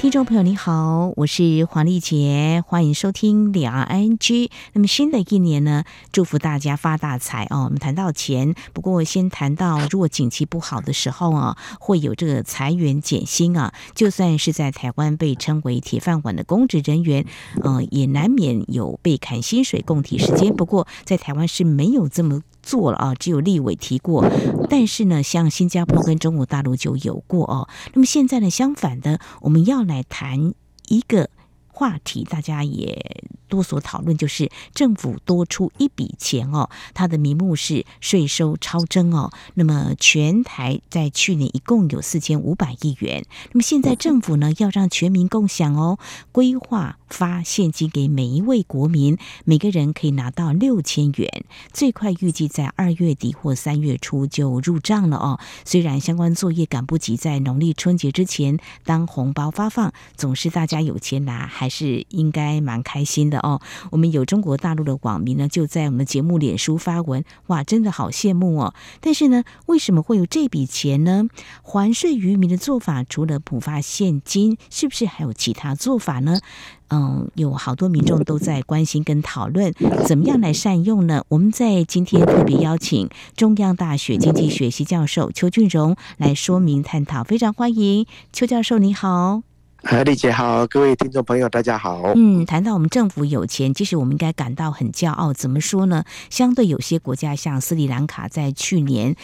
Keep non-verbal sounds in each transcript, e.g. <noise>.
聽眾朋友你好，我是黃麗杰，歡迎收聽兩岸 ING。那麼新的一年呢，祝福大家發大財哦。我們談到錢，不過先談到如果景氣不好的時候啊，會有這個裁員減薪啊。就算是在台灣被稱為鐵飯碗的公職人員，嗯、呃，也難免有被砍薪水、共體時艱。不過在台灣是沒有這麼。做了啊，只有立委提過，但是呢，像新加坡跟中國大陸就有過哦。那麼現在呢，相反的，我們要來談一個。話題大家也多所討論，就是政府多出一筆錢哦，它的名目是稅收超徵哦。那麼全台在去年一共有四千五百億元，那麼現在政府呢要讓全民共享哦，規劃發現金給每一位國民，每個人可以拿到六千元，最快預計在二月底或三月初就入賬了哦。雖然相關作業趕不及在農曆春節之前當紅包發放，總是大家有錢拿，啊、還。是應該蠻開心的哦。我們有中國大陸的網民呢，就在我們的節目臉書發文，哇，真的好羨慕哦。但是呢，為什麼會有這筆錢呢？還稅於民的做法，除了普發現金，是不是還有其他做法呢？嗯，有好多民眾都在關心跟討論，怎麼樣來善用呢？我們在今天特別邀請中央大學經濟學系教授邱俊榮來說明探討，非常歡迎邱教授，你好。李姐好，各位聽眾朋友，大家好。嗯，談到我們政府有錢，其實我們應該感到很驕傲。怎麼說呢？相對有些國家，像斯里蘭卡，在去年，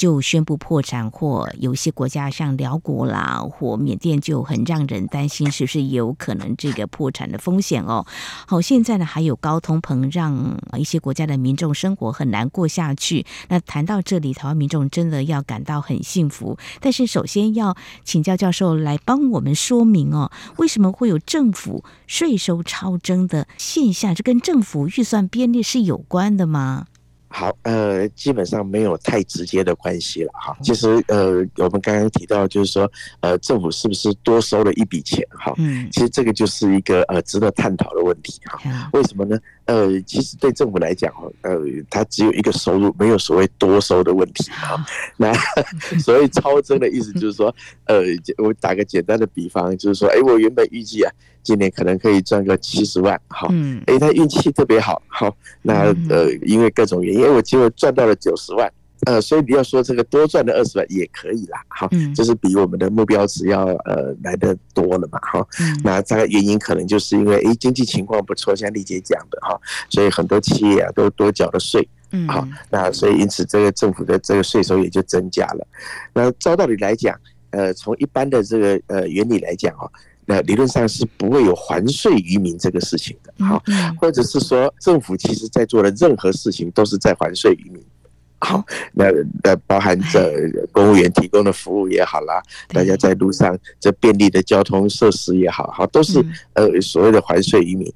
就宣布破產，或有些國家像寮國啦，或緬甸就很讓人擔心，是不是有可能這個破產的風險哦？好，現在呢還有高通膨，讓一些國家的民眾生活很難過下去。那談到這裡，台灣民眾真的要感到很幸福。但是，首先要請教教授來幫我們說明哦，為什麼會有政府稅收超徵的現象？這跟政府預算編列是有關的嗎？好，呃，基本上沒有太直接的關係了哈。其實，呃，我們剛剛提到，就是說，呃，政府是不是多收了一筆錢？哈，其實這個就是一個，呃，值得探討的問題哈。為什麼呢？呃，其實對政府來講，呃，它只有一個收入，沒有所謂多收的問題啊。哦、那、嗯、呵呵，所以超徵的意思就是說，嗯、呃，我打個簡單的比方，嗯、就是說，哎、欸，我原本預計啊，今年可能可以賺個七十萬，哦欸、好，誒，他運氣特別好，哈，那呃，因為各種原因，欸、我結果賺到了九十萬。呃，所以你要說這個多賺的二十萬也可以啦，哈，就是比我們的目標值要呃來得多了嘛，哈，那大概原因可能就是因為哎經濟情況不錯，像麗姐講的哈，所以很多企業啊都多繳了稅，嗯，好，那所以因此這個政府的這個稅收也就增加了。那照道理來講，呃，從一般的這個呃原理來講啊，那理論上是不會有還稅於民這個事情的，好，或者是說政府其實在做的任何事情都是在還稅於民的。好，那、哦、那包含着公務員提供的服務也好啦，大家在路上這便利的交通設施也好，好，都是呃所謂的還稅於民，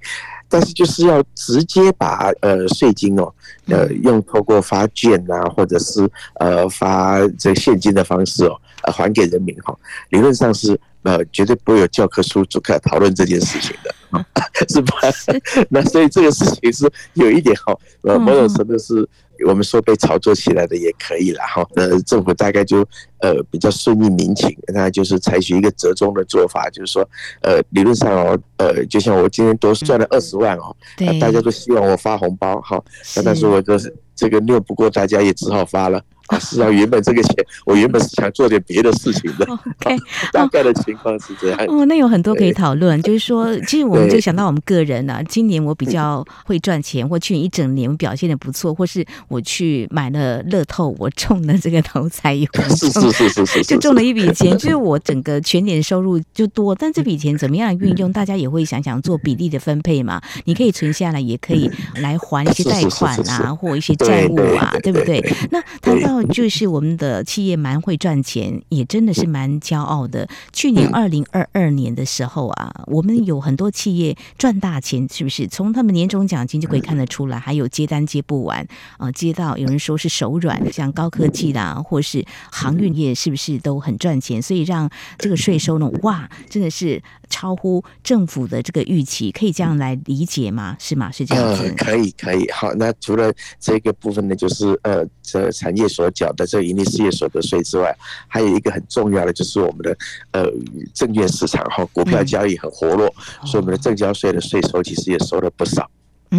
但是就是要直接把呃稅金哦，呃用透過發券啊，或者是呃發這現金的方式哦。還給人民哈，理論上是呃，絕對不會有教科書去討論這件事情的， <laughs> 是吧？ <laughs> 那所以這個事情是有一點哈，呃， <laughs> 某種程度是我們說被炒作起來的也可以了哈。嗯、呃，政府大概就呃比較順應民情，那就是採取一個折中的做法，就是說呃，理論上哦，呃，就像我今天多賺了二十萬哦，大家都希望我發紅包哈，呃、是但是我就是這個拗不過大家，也只好發了。啊，是啊，原本這個錢，我原本是想做點別的事情的。OK，大概的情況是這樣。哦，那有很多可以討論，就是說，其實我們就想到我們個人呢，今年我比較會賺錢，或去年一整年表現得不錯，或是我去買了樂透，我中了這個頭彩，有，是是是是是，就中了一筆錢，就是我整個全年收入就多，但這筆錢怎麼樣運用，大家也會想想做比例的分配嘛。你可以存下來，也可以來還一些貸款啊，或一些債務啊，對不對？那談到。就是我們的企業蠻會賺錢，也真的是蠻驕傲的。去年二零二二年的時候啊，我們有很多企業賺大錢，是不是？從他們年終獎金就可以看得出來。還有接單接不完啊，接到有人說是手軟，像高科技啦、啊，或是航運業，是不是都很賺錢？所以讓這個稅收呢，哇，真的是超乎政府的這個預期，可以這樣來理解嗎？是嗎？是這樣的？呃，可以，可以。好，那除了這個部分呢，就是呃，這產業所。繳的這個營利事業所得稅之外，還有一個很重要的就是我們的呃證券市場和、哦、股票交易很活絡，所以我們的證交稅的稅收其實也收了不少。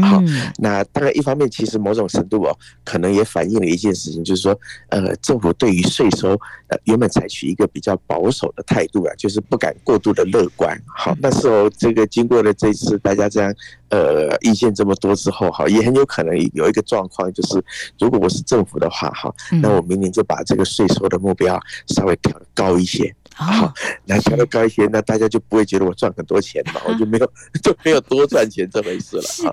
好，那大概一方面，其實某種程度哦，可能也反映了一件事情，就是說，呃，政府對於稅收，呃，原本採取一個比較保守的態度啊，就是不敢過度的樂觀。好，那時候這個經過了這次大家這樣，呃，意見這麼多之後，哈，也很有可能有一個狀況，就是如果我是政府的話，哈，那我明年就把這個稅收的目標稍微調高一些。好，那相對高一些，那大家就不會覺得我賺很多錢嘛，我就沒有就沒有多賺錢這回事了。是，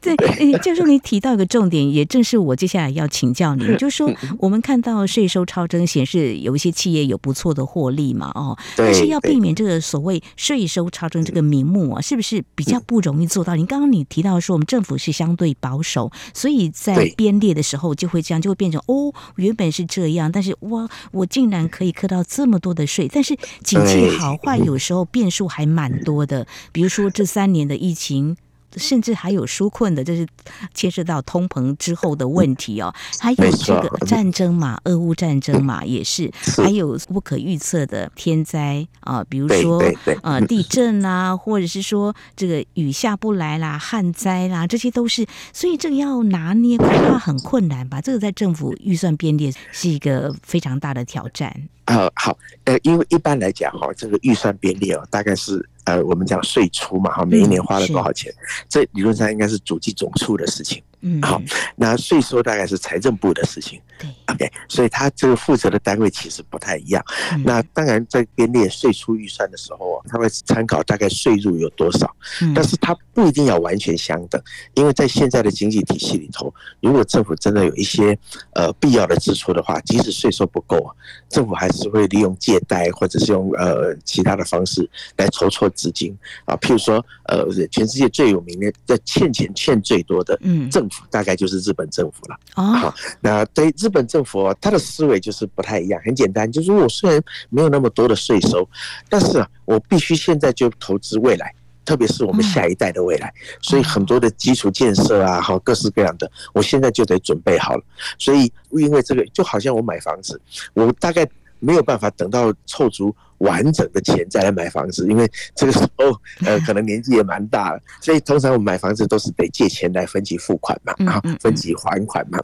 對。教授，你提到一個重點，也正是我接下來要請教你的，就是說，我們看到稅收超徵顯示有一些企業有不錯的獲利嘛，哦，但是要避免這個所謂稅收超徵這個名目啊，是不是比較不容易做到？你剛剛你提到說，我們政府是相對保守，所以在編列的時候就會這樣，就會變成哦，原本是這樣，但是哇，我竟然可以課到這麼多的稅。但是景氣好壞有時候變數還蠻多的，比如說這三年的疫情，甚至還有紓困的，這、就是牽涉到通膨之後的問題哦。還有這個戰爭嘛，俄烏戰爭嘛也是。還有不可預測的天災啊，比如說呃地震啦、啊，或者是說這個雨下不來啦，旱災啦，這些都是。所以這個要拿捏恐怕很困難吧？這個在政府預算編列是一個非常大的挑戰。呃、哦，好，呃，因為一般來講哈、哦，這個預算編列哦，大概是呃，我們講歲出嘛，哈、哦，每一年花了多少錢，是這理論上應該是主計總處的事情。好，那稅收大概是財政部的事情。對，OK，所以他這個負責的單位其實不太一樣。嗯，那當然，在編列歲出預算的時候啊，他會參考大概歲入有多少，但是他不一定要完全相等。因為在現在的經濟體系裡頭，如果政府真的有一些呃必要的支出的話，即使稅收不夠，政府還是會利用借貸或者是用呃其他的方式來籌措資金啊。譬如說，呃，全世界最有名的、在欠錢欠最多的政府，大概就是日本政府了。好、哦哦，那對日本政府，哦，他的思維就是不太一樣。很簡單，就是我雖然沒有那麼多的稅收，但是、啊、我必須現在就投資未來，特別是我們下一代的未來。嗯、所以很多的基礎建設啊，好、哦、各式各樣的，我現在就得準備好了。所以因為這個，就好像我買房子，我大概沒有辦法等到湊足。完整的錢再來買房子，因為這個時候，呃，可能年紀也蠻大了，所以通常我們買房子都是得借錢來分期付款嘛，啊，分期還款嘛。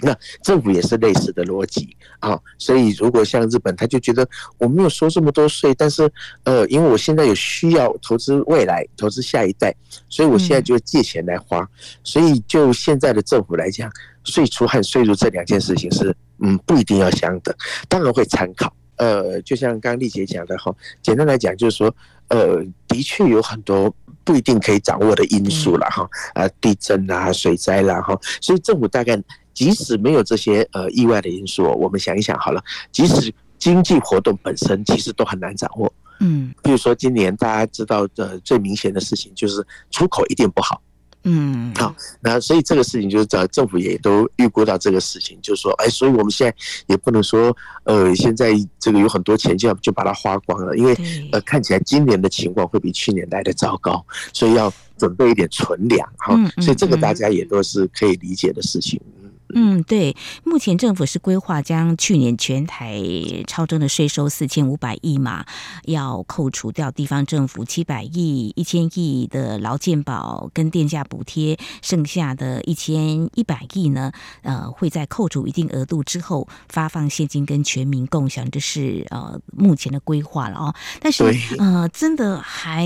那政府也是類似的邏輯啊，所以如果像日本，他就覺得我沒有收這麼多稅，但是，呃，因為我現在有需要投資未來，投資下一代，所以我現在就借錢來花。所以就現在的政府來講，稅出和稅入這兩件事情是，嗯，不一定要相等，當然會參考。呃，就像剛麗姐講的哈，簡單來講就是說，呃，的確有很多不一定可以掌握的因素了哈，啊，地震啦、啊、水災啦哈，所以政府大概即使沒有這些呃意外的因素，我們想一想好了，即使經濟活動本身其實都很難掌握，嗯，比如說今年大家知道的最明顯的事情就是出口一定不好。嗯，好，那所以這個事情就是，找政府也都預估到這個事情，就是說，哎，所以我們現在也不能說，呃，現在這個有很多錢就要就把它花光了，因為對呃，看起來今年的情況會比去年來的糟糕，所以要準備一點存糧，哈，嗯、所以這個大家也都是可以理解的事情。嗯嗯嗯。嗯，對，目前政府是規劃將去年全台超徵的稅收四千五百億嘛，要扣除掉地方政府七百億、一千億的勞健保跟電價補貼，剩下的一千一百億呢，呃，會在扣除一定額度之後發放現金跟全民共享，這是呃目前的規劃了哦。但是對呃，真的還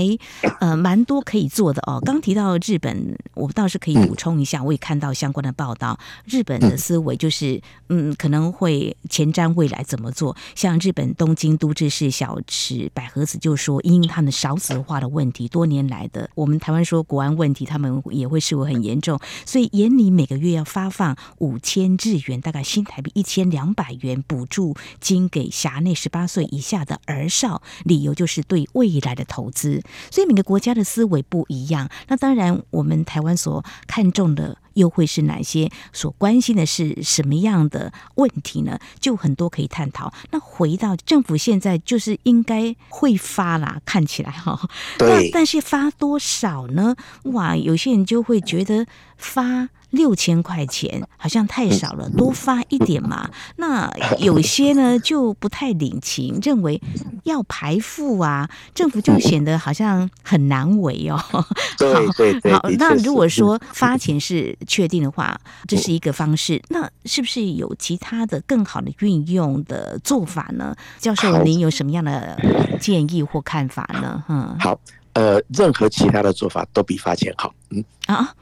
呃蠻多可以做的哦。剛提到日本，我倒是可以補充一下，嗯、我也看到相關的報道，日本。的、嗯、思維就是，嗯，可能會前瞻未來怎麼做。像日本東京都知事小池百合子就說，因他們少子化的問題，多年來的我們台灣說國安問題，他們也會視為很嚴重。所以，眼裡每個月要發放五千日元，大概新台幣一千兩百元補助金給轄內十八歲以下的兒少，理由就是對未來的投資。所以，每個國家的思維不一樣。那當然，我們台灣所看重的。又會是哪些？所關心的是什麼樣的問題呢？就很多可以探討。那回到政府現在，就是應該會發啦，看起來哈。對。那但是發多少呢？哇，有些人就會覺得發。六千塊錢好像太少了，多發一點嘛。那有些呢就不太領情，認為要排富啊，政府就顯得好像很難為哦。對對對，好。那如果說發錢是確定的話，這是一個方式。那是不是有其他的更好的運用的做法呢？教授，您有什麼樣的建議或看法呢？哈、嗯。好。呃，任何其他的做法都比發錢好，嗯啊，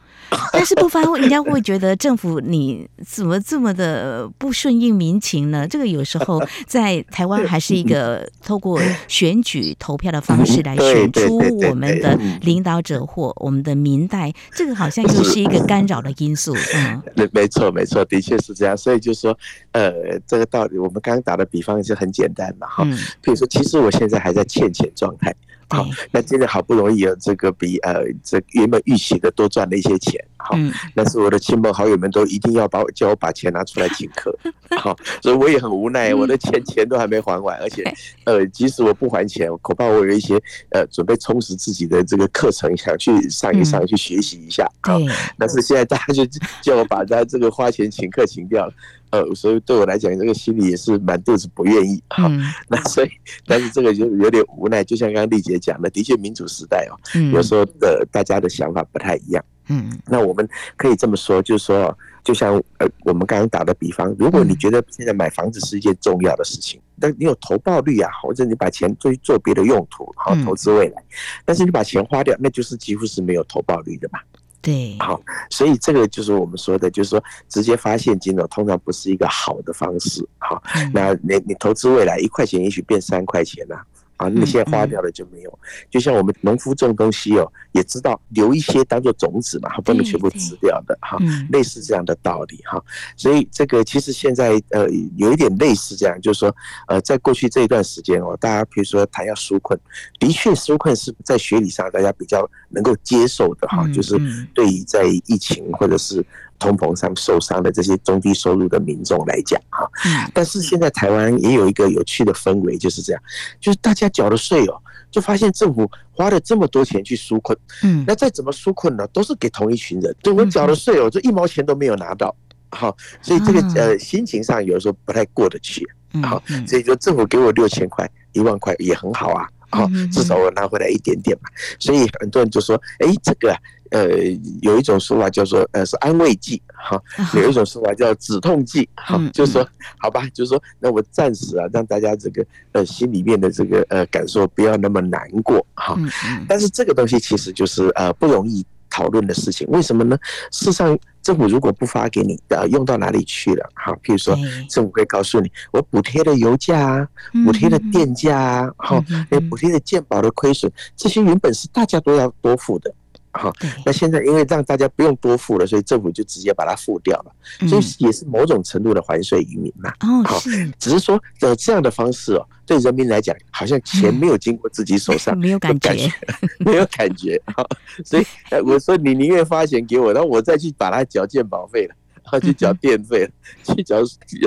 但是不發，人家會覺得政府你怎麼這麼的不順應民情呢？這個有時候在台灣還是一個透過選舉投票的方式來選出我們的領導者或我們的民代，對對對對嗯、這個好像又是一個干擾的因素。嗯，對，沒錯，沒錯，的確是這樣。所以就說，呃，這個道理，我們剛剛打的比方是很簡單的哈。可以、嗯、說，其實我現在還在欠錢狀態。好，那今天好不容易有、啊、這個比呃這個、原本預期的多賺了一些錢，好，但是我的親朋好友們都一定要把我叫我把錢拿出來請客， <laughs> 好，所以我也很無奈，我的錢 <laughs> 錢都還沒還完，而且呃即使我不還錢，恐怕我有一些呃準備充實自己的這個課程，想去上一上， <laughs> 去學習一下，好， <laughs> 但是現在大家就叫我把他這個花錢請客請掉了。呃，所以對我來講，這個心裡也是滿肚子不願意哈、哦。嗯、那所以，但是這個就有點無奈。就像剛剛麗姐講的，的確民主時代哦，有時候的大家的想法不太一樣。嗯，那我們可以這麼說，就是說，就像呃，我們剛剛打的比方，如果你覺得現在買房子是一件重要的事情，但你有投報率啊，或者你把錢做去做別的用途、哦，好投資未來，但是你把錢花掉，那就是幾乎是沒有投報率的嘛。對，好，所以這個就是我們說的，就是說直接發現金呢，通常不是一個好的方式，嗯嗯、好，那你你投資未來一塊錢，也許變三塊錢呢、啊。啊，那些花掉了就沒有，嗯嗯、就像我們農夫種東西哦，也知道留一些當做種子嘛，不能全部吃掉的哈，類似這樣的道理哈。所以這個其實現在呃有一點類似這樣，就是說呃，在過去這一段時間哦，大家比如說談要紓困，的確紓困是在學理上大家比較能夠接受的哈，就是對於在疫情或者是。通膨上受傷的這些中低收入的民眾來講，哈，但是現在台灣也有一個有趣的氛圍，就是這樣，就是大家繳了稅哦，就發現政府花了這麼多錢去紓困，那再怎麼紓困呢，都是給同一群人，對我繳了稅哦，就一毛錢都沒有拿到，哈，所以這個呃心情上有時候不太過得去，好，所以說政府給我六千塊、一萬塊也很好啊。哈，至少我拿回來一點點嘛，所以很多人就說，哎，這個，呃，有一種說法叫做，呃，是安慰劑，哈，有一種說法叫止痛劑，哈，就是說，好吧，就是說，那我暫時啊，讓大家這個，呃，心裡面的這個，呃，感受不要那麼難過，哈，但是這個東西其實就是，呃，不容易。討論的事情，為什麼呢？事實上，政府如果不發給你的，的用到哪裡去了？哈，譬如說，政府會告訴你，我補貼的油價，補貼的電價，哈，還有補貼的健保的虧損，這些原本是大家都要多付的。哈、哦，那現在因為讓大家不用多付了，所以政府就直接把它付掉了，所以也是某種程度的還稅於民嘛。嗯、哦，是。只是說有、呃、這樣的方式哦，對人民來講，好像錢沒有經過自己手上，嗯、 <laughs> 沒有感覺， <laughs> 沒有感覺。哈、哦，所以，呃、我說你寧願發錢給我，然後我再去把它繳健保費了，然後去繳電費了，嗯、去繳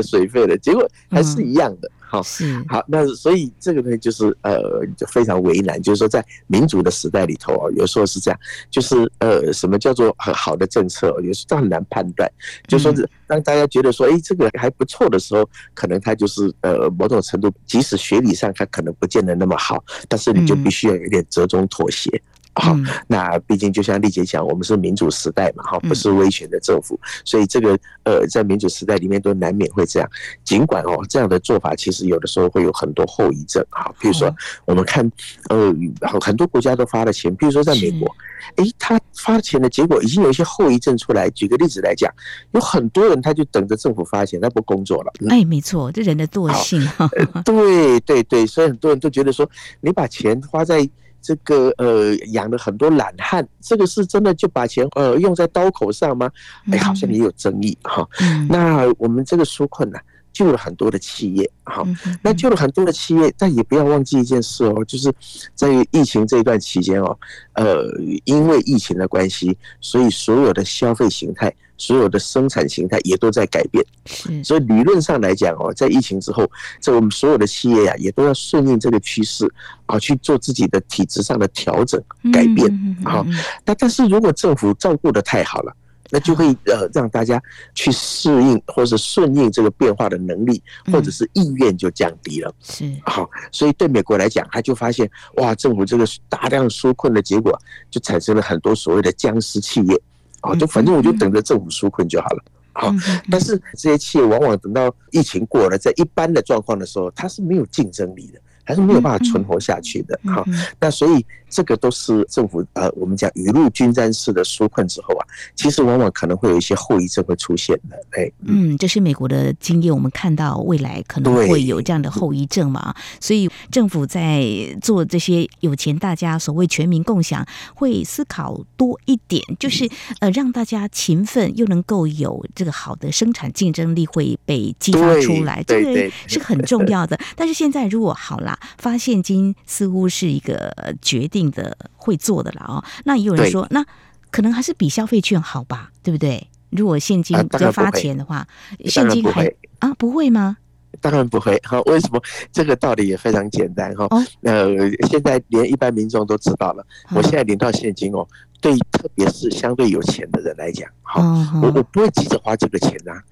水費了，結果還是一樣的。嗯好、哦，好，那所以這個呢、就是呃，就是呃，非常為難，就是說在民主的時代裡頭啊，有時候是這樣，就是呃，什麼叫做很好的政策，有時候這很難判斷，嗯、就是說讓大家覺得說，哎、欸，這個還不錯的時候，可能他就是呃，某種程度，即使學理上他可能不見得那麼好，但是你就必須要有點折中妥協。嗯好，那畢竟就像麗姐講，我們是民主時代嘛，哈，不是威權的政府，嗯、所以這個呃，在民主時代裡面都難免會這樣。儘管哦，這樣的做法其實有的時候會有很多後遺症，哈，比如說我們看，哦、呃，很多國家都發了錢，比如說在美國，誒是、欸、他發錢的結果已經有一些後遺症出來。舉個例子來講，有很多人他就等着政府發錢，他不工作了。誒、嗯哎、沒錯，這人的惰性哈好、呃。對對對，所以很多人都覺得說，你把錢花在。這個呃養了很多懶漢，這個是真的就把錢呃用在刀口上嗎？哎，好像也有爭議哈、哦。那我們這個紓困呢、啊，救了很多的企業哈、哦，那救了很多的企業，但也不要忘記一件事哦，就是在疫情這一段期間哦，呃，因為疫情的關係，所以所有的消費形態。所有的生產形態也都在改變，所以理論上來講哦，在疫情之後，在我們所有的企業呀，也都要順應這個趨勢啊，去做自己的體質上的調整、改變。好，那但是如果政府照顧得太好了，那就會呃讓大家去適應或是順應這個變化的能力或者是意願就降低了。是好，所以對美國來講，他就發現哇，政府這個大量紓困的結果，就產生了很多所謂的僵屍企業。啊，就反正我就等着政府紓困就好了。好，但是這些企業往往等到疫情過了，在一般的狀況的時候，它是沒有競爭力的，還是沒有辦法存活下去的。好，那所以。這個都是政府呃，我們講雨露均沾式的紓困之後啊，其實往往可能會有一些後遺症會出現的，哎，嗯，這是美國的經驗，我們看到未來可能會有這樣的後遺症嘛，對所以政府在做這些有錢大家所謂全民共享，會思考多一點，就是呃讓大家勤奮又能夠有這個好的生產競爭力會被激發出來，這個是很重要的。 <laughs> 但是現在如果好啦，發現金似乎是一個決定。的會做的了哦，那也有人說，那可能還是比消費券好吧，對不對？如果現金比較發錢的話，現金還啊不會嗎？當然不會。好，為什麼這個道理也非常簡單哈？哦，那現在連一般民眾都知道了。我現在領到現金哦，對，特別是相對有錢的人來講，好，我我不會急着花這個錢吶。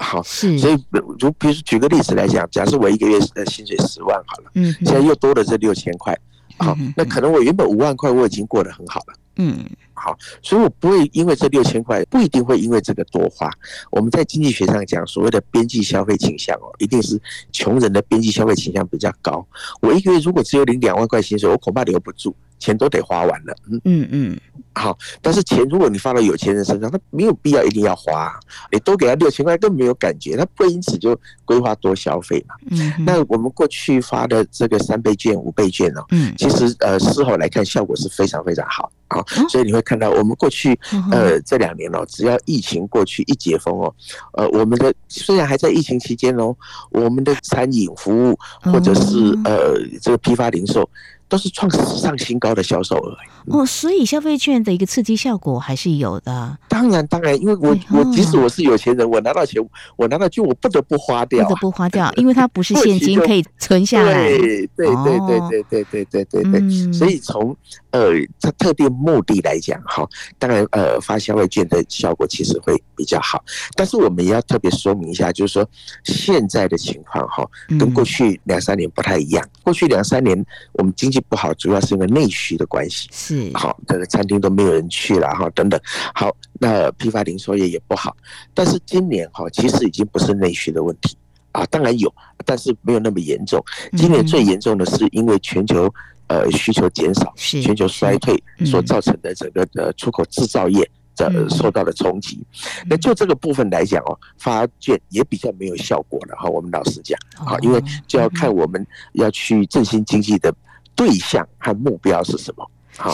好，所以如比如說舉個例子來講，假設我一個月的薪水十萬好了，嗯，現在又多了這六千塊。好、哦，那可能我原本五萬塊我已經過得很好了。嗯，好、哦，所以我不會因為這六千塊，不一定會因為這個多花。我們在經濟學上講，所謂的邊際消費傾向哦，一定是窮人的邊際消費傾向比較高。我一個月如果只有領兩萬塊薪水，我恐怕留不住。錢都得花完了。嗯，嗯嗯嗯，好，但是錢如果你放到有錢人身上，他沒有必要一定要花，啊，你多給他六千塊，根本沒有感覺，他不因此就規劃多消費嘛，嗯嗯，那我們過去發的這個三倍券、五倍券哦，嗯，嗯，其實呃事後來看效果是非常非常好，啊、所以你會看到我們過去呃這兩年哦，只要疫情過去一解封哦，呃，我們的雖然還在疫情期間哦，我們的餐飲服務或者是呃這個批發零售，哦嗯。都是創史上新高的銷售額哦，所以消費券的一個刺激效果還是有的。當然，當然，因為我、哎、呦我即使我是有錢人，我拿到錢，我拿到券，我不得不花掉、啊，不得不花掉，因為它不是現金可以存下來。 <laughs> 對對對對對對對對對，對，對、哦，嗯、所以從呃它特定目的來講，哈、哦，當然呃發消費券的效果其實會比較好。但是我們也要特別說明一下，就是說現在的情況哈、哦，跟過去兩三年不太一樣。嗯、過去兩三年我們經濟。不好，主要是因為內需的關係是好，這個、哦、餐廳都沒有人去了哈、哦，等等。好，那批發零售業也不好，但是今年哈、哦、其實已經不是內需的問題啊，當然有，但是沒有那麼嚴重。嗯、今年最嚴重的是因為全球呃需求減少，是全球衰退所造成的整個的出口制造業的、嗯呃、受到了衝擊。嗯、那就這個部分來講哦，發券也比較沒有效果了哈、哦。我們老實講啊，哦哦、因為就要看我們要去振興經濟的。對象和目標是什麼？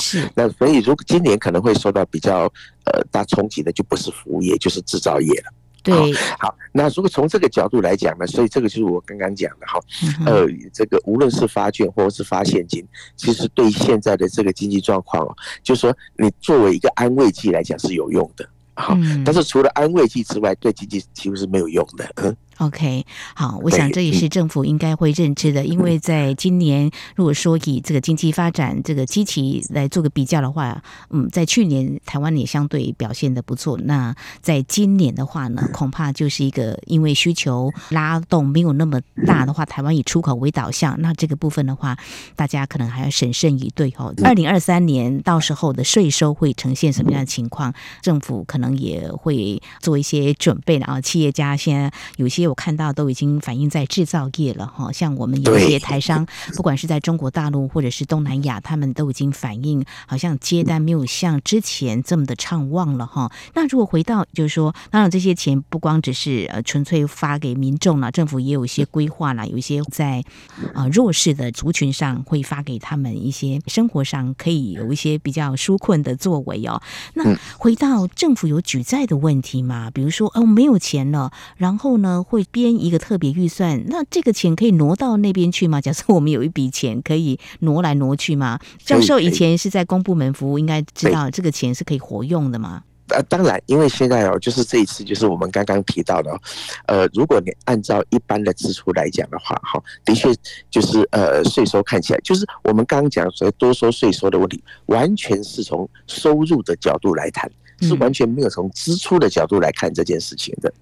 是 好，那所以如果今年可能會受到比較呃大衝擊的，就不是服務業，就是製造業了。對，好，好，那如果從這個角度來講呢，所以這個就是我剛剛講的哈，呃，這個無論是發券或者是發現金，其實對現在的這個經濟狀況哦，就是說你作為一個安慰劑來講是有用的哈，嗯，但是除了安慰劑之外，對經濟其實是沒有用的，嗯。OK，好，我想這也是政府應該會認知的，因為在今年，如果說以這個經濟發展這個機器來做個比較的話，嗯，在去年台灣也相對表現的不錯，那在今年的話呢，恐怕就是一個因為需求拉動沒有那麼大的話，台灣以出口為導向，那這個部分的話，大家可能還要審慎以對哦。二零二三年到時候的稅收會呈現什麼樣的情況，政府可能也會做一些準備的啊。企業家現在有些。有看到都已經反映在制造業了哈，像我們有些台商，對不管是在中國大陸或者是東南亞，他們都已經反映，好像接單沒有像之前這麼的暢旺了哈。那如果回到就是說，當然這些錢不光只是呃純粹發給民眾了，政府也有一些規劃了，有一些在啊、呃、弱勢的族群上會發給他們一些生活上可以有一些比較紓困的作為哦。那回到政府有舉債的問題嘛？比如說哦沒有錢了，然後呢？會編一個特別預算，那這個錢可以挪到那邊去嗎？假設我們有一筆錢可以挪來挪去嗎？教授以前是在公部門服務，對應該知道這個錢是可以活用的嗎？呃，當然，因為現在哦，就是這一次，就是我們剛剛提到的、哦，呃，如果你按照一般的支出來講的話，哈、哦，的確就是呃，稅收看起來就是我們剛剛講所謂多收稅收的問題，完全是從收入的角度來談。是完全沒有從支出的角度來看這件事情的。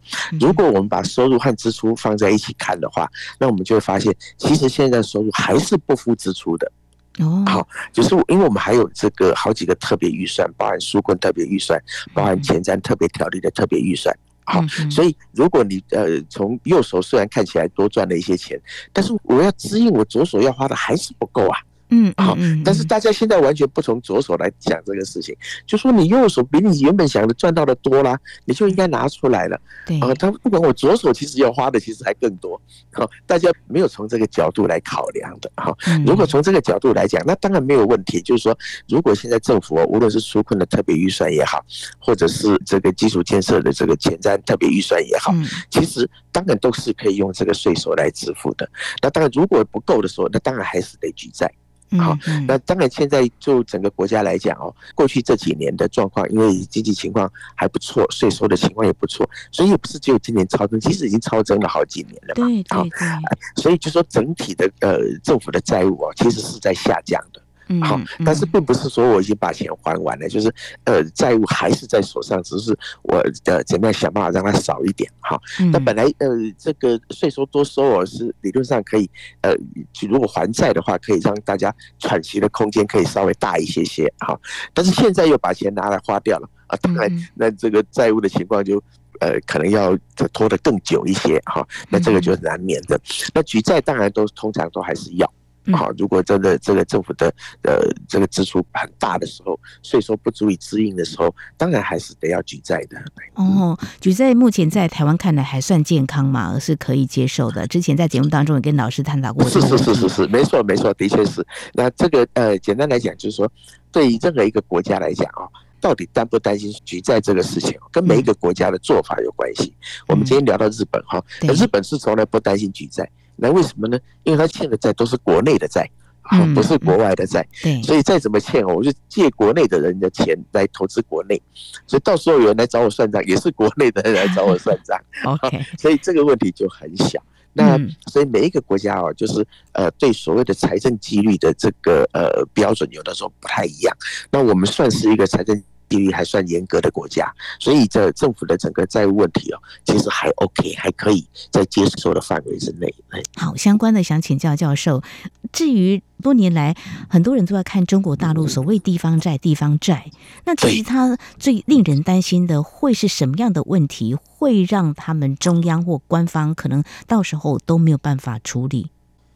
如果我們把收入和支出放在一起看的話，那我們就會發現，其實現在收入還是不敷支出的。哦，好，就是因為我們還有這個好幾個特別預算，包含紓困特別預算，包含前瞻特別條例的特別預算。好，所以如果你呃從右手雖然看起來多賺了一些錢，但是我要支應我左手要花的還是不夠啊。嗯，好、嗯哦，但是大家現在完全不從左手來講這個事情，嗯、就說你右手比你原本想的賺到的多啦，你就應該拿出來了。對啊，他、哦、不管我左手其實要花的其實還更多。好、哦，大家沒有從這個角度來考量的哈。哦嗯、如果從這個角度來講，那當然沒有問題。就是說，如果現在政府無論是紓困的特別預算也好，嗯、或者是這個基礎建設的這個前瞻特別預算也好，其實當然都是可以用這個稅收來支付的。那當然如果不夠的時候，那當然還是得舉債。好、哦，那當然，現在就整個國家來講哦，過去這幾年的狀況，因為經濟情況還不錯，稅收的情況也不錯，所以也不是只有今年超增，其實已經超增了好幾年了嘛。嗯、對對，對、哦、所以就說整體的呃，政府的債務哦，其實是在下降的。嗯，好、哦，但是並不是說我已經把錢還完了，就是呃債務還是在手上，只是我呃怎麼樣想辦法讓它少一點哈。那、哦、本來呃這個稅收多收我是理論上可以呃，如果還債的話，可以讓大家喘息的空間可以稍微大一些些哈、哦。但是現在又把錢拿來花掉了啊，當然那這個債務的情況就呃可能要拖得更久一些哈。那、哦、這個就難免的。嗯嗯，那舉債當然都通常都還是要。好、哦，如果真的這個政府的呃這個支出很大的時候，稅收不足以支應的時候，當然還是得要舉債的。嗯、哦，舉債目前在台灣看來還算健康嘛，是可以接受的。之前在節目當中也跟老師探討過。是是是是是，嗯、沒錯沒錯，的確是。那這個呃，簡單來講就是說，對於任何一個國家來講啊、哦，到底擔不擔心舉債這個事情，跟每一個國家的做法有關係。嗯、我們今天聊到日本哈，哦、對日本是從來不擔心舉債。那為什麼呢？因為他欠的債都是國內的債，不是國外的債，嗯、所以再怎麼欠，我就借國內的人的錢來投資國內，所以到時候有人來找我算賬，也是國內的人來找我算賬。 <laughs> Okay 所以這個問題就很小。那所以每一個國家啊，就是呃，對所謂的財政紀律的這個呃標準，有的時候不太一樣。那我們算是一個財政。地域還算嚴格的國家，所以這政府的整個債務問題哦，其實還 OK，還可以在接受的範圍之內。好，相關的想請教教授，至於多年來很多人都在看中國大陸所謂地方債、嗯、地方債，那其實它最令人擔心的會是什麼樣的問題，會讓他們中央或官方可能到時候都沒有辦法處理？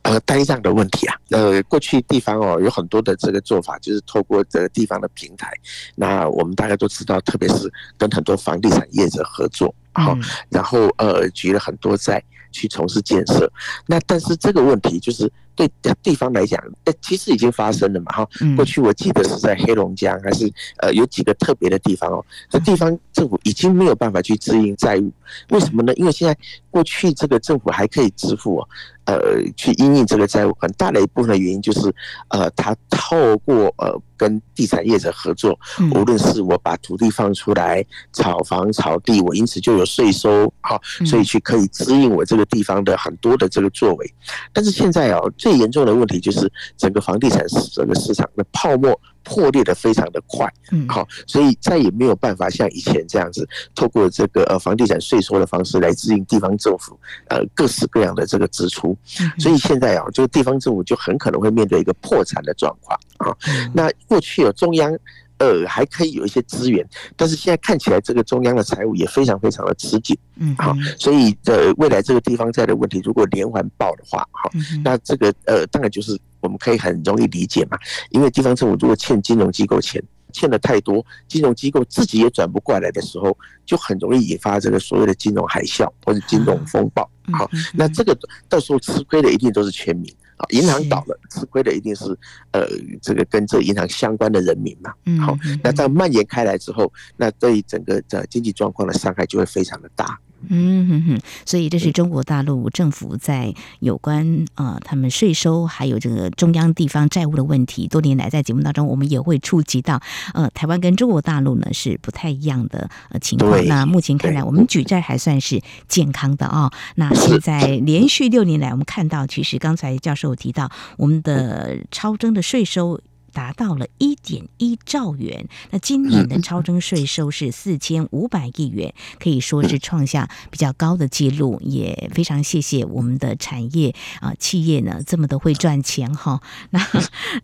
呃，呆賬的問題啊，呃，過去地方哦有很多的這個做法，就是透過這個地方的平台，那我們大家都知道，特別是跟很多房地產業者合作，好，哦，然後呃舉了很多債去從事建設，那但是這個問題就是。對地方來講，其實已經發生了嘛，哈。過去我記得是在黑龍江，還是呃有幾個特別的地方哦。這地方政府已經沒有辦法去支應債務，為什麼呢？因為現在過去這個政府還可以支付，呃，去因應這個債務，很大的一部分的原因就是呃，他透過呃跟地產業者合作，無論是我把土地放出來炒房炒地，我因此就有稅收，哈、呃，所以去可以支應我這個地方的很多的這個作為。但是現在哦。最嚴重的問題就是整個房地產市整個市場的泡沫破裂得非常的快，嗯，好，所以再也沒有辦法像以前這樣子，透過這個呃房地產稅收的方式來支援地方政府，呃，各式各樣的這個支出，所以現在啊，就地方政府就很可能會面對一個破產的狀況好，那過去有、哦、中央。呃，還可以有一些資源，但是現在看起來，這個中央的財務也非常非常的吃緊，嗯哼，好、啊，所以的、呃、未來這個地方債的問題，如果連環爆的話，好、啊，嗯、哼那這個呃，當然就是我們可以很容易理解嘛，因為地方政府如果欠金融機構錢，欠的太多，金融機構自己也轉不過來的時候，就很容易引發這個所謂的金融海嘯或者金融風暴，好、嗯哼啊，那這個到時候吃虧的一定都是全民。啊，銀行倒了，吃虧的一定是呃，這個跟這銀行相關的人民嘛。好，那當蔓延開來之後，那對整個的經濟狀況的傷害就會非常的大。嗯哼哼，所以這是中國大陸政府在有關啊、呃，他們稅收還有這個中央地方債務的問題，多年來在節目當中我們也會觸及到。呃，台灣跟中國大陸呢是不太一樣的呃情況。那目前看來，我們舉債還算是健康的啊、哦。那現在連續六年來，我們看到其實剛才教授提到，我們的超徵的稅收，達到了一點一兆元，那今年的超徵稅收是四千五百億元，可以說是創下比較高的紀錄，也非常謝謝我們的產業啊、呃、企業呢這麼的會賺錢哈、哦。那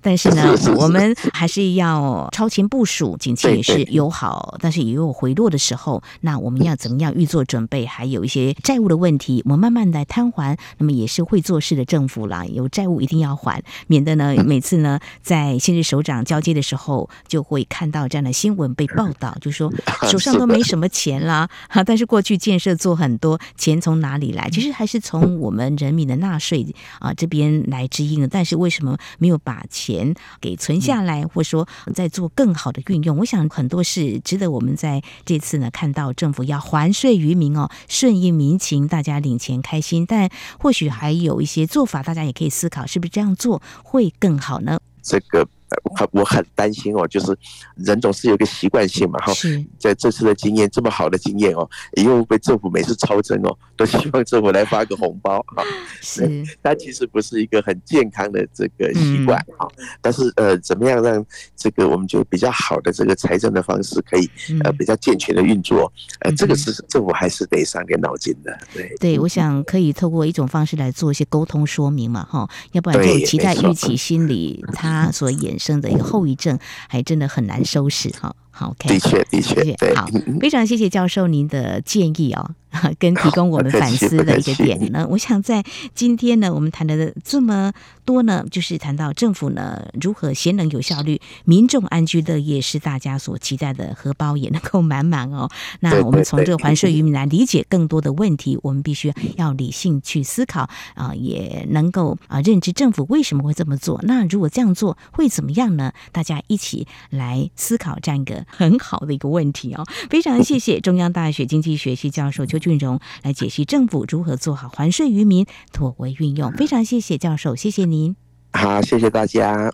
但是呢， <laughs> 我們還是要超前部署，景氣也是有好，但是也有回落的時候。那我們要怎麼樣預做準備？還有一些債務的問題，我們慢慢的攤還。那麼也是會做事的政府啦，有債務一定要還，免得呢每次呢在現實。首長交接的時候，就會看到這樣的新聞被報道，就說手上都沒什麼錢啦。哈的，但是過去建設做很多，錢從哪裡來？其實還是從我們人民的納稅啊這邊來支應的。但是為什麼沒有把錢給存下來，或者說在做更好的運用？我想很多是值得我們在這次呢看到政府要還稅於民哦，順應民情，大家領錢開心。但或許還有一些做法，大家也可以思考，是不是這樣做會更好呢？這個。我我很擔心哦，就是人總是有一個習慣性嘛哈。是，在這次的經驗這麼好的經驗哦，因為被政府每次超徵哦，都希望政府來發個紅包啊。是，但其實不是一個很健康的這個習慣哈。但是呃，怎麼樣讓這個我們就比較好的這個財政的方式可以呃比較健全的運作？呃，這個是政府還是得傷點腦筋的。對，對是、嗯、我想可以透過一種方式來做一些溝通說明嘛哈，要不然就期待預期心理他所演。 <laughs> 生的一個後遺症，還真的很難收拾哈。好，的確，的確，好，非常謝謝教授您的建議哦，跟提供我們反思的一個點。那我想在今天呢，我們談的這麼多呢，就是談到政府呢如何賢能有效率，民眾安居樂業是大家所期待的，荷包也能夠滿滿哦。那我們從這個還稅於民來理解更多的問題，對對對我們必須要理性去思考啊、呃，也能夠啊認知政府為什麼會這麼做。那如果這樣做會怎麼樣呢？大家一起來思考這樣一個很好的一個問題哦，非常謝謝中央大學經濟學系教授邱俊榮來解析政府如何做好還稅於民、妥為運用。非常謝謝教授，謝謝您。好，謝謝大家。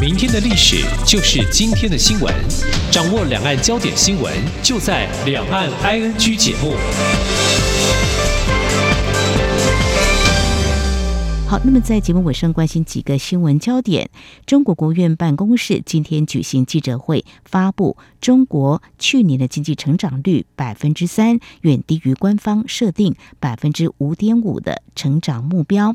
明天的歷史就是今天的新聞，掌握兩岸焦點新聞就在《兩岸 ING》節目。好，那麼，在節目尾聲，關心幾個新聞焦點。中國國務院辦公室今天舉行記者會，發布中國去年的經濟成長率百分之三，遠低於官方設定百分之五點五的成長目標。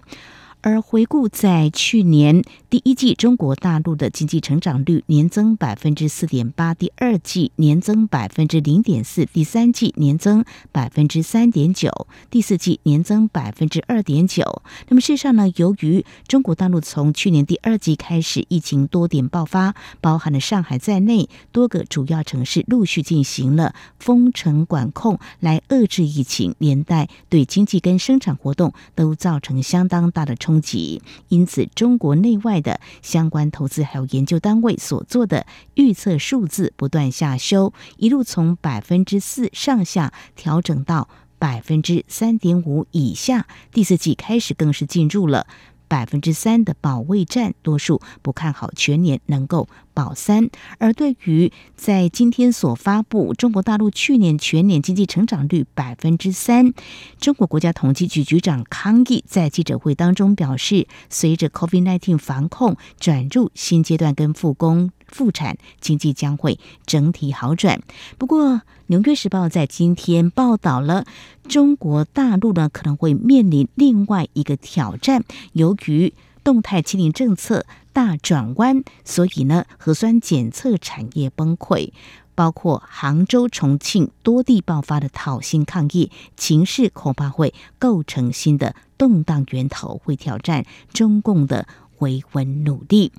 而回顧，在去年第一季，中國大陸的經濟成長率年增百分之四點八；第二季年增百分之零點四；第三季年增百分之三點九；第四季年增百分之二點九。那麼事實上呢，由於中國大陸從去年第二季開始，疫情多點爆發，包含了上海在內多個主要城市陸續進行了封城管控，來遏制疫情，連帶對經濟跟生產活動都造成相當大的衝擊。因此中國內外的相關投資還有研究單位所做的預測數字不斷下修，一路從百分之四上下調整到百分之三點五以下。第四季開始更是進入了百分之三的保衛戰，多數不看好全年能夠保三。而對於在今天所發布中國大陸去年全年經濟成長率百分之三，中國國家統計局局長康義，在記者會當中表示，隨着 COVID-19 防控轉入新階段跟復工。復產，經濟將會整體好轉。不過，《紐約時報》在今天報道了中國大陸呢可能會面臨另外一個挑戰，由於動態清零政策大轉彎，所以呢核酸檢測產業崩潰，包括杭州、重慶多地爆發的討薪抗議，情勢恐怕會構成新的動盪源頭，會挑戰中共的維穩努力。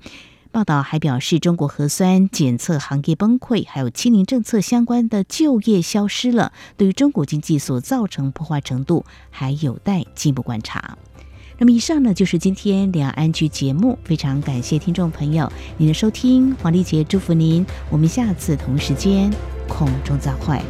報道還表示，中國核酸檢測行業崩潰，還有“清零”政策相關的就業消失了，對於中國經濟所造成破壞程度還有待進一步觀察。那麼，以上呢就是今天兩岸 ING 節目，非常感謝聽眾朋友您的收聽，黃麗杰祝福您，我們下次同時間空中再會。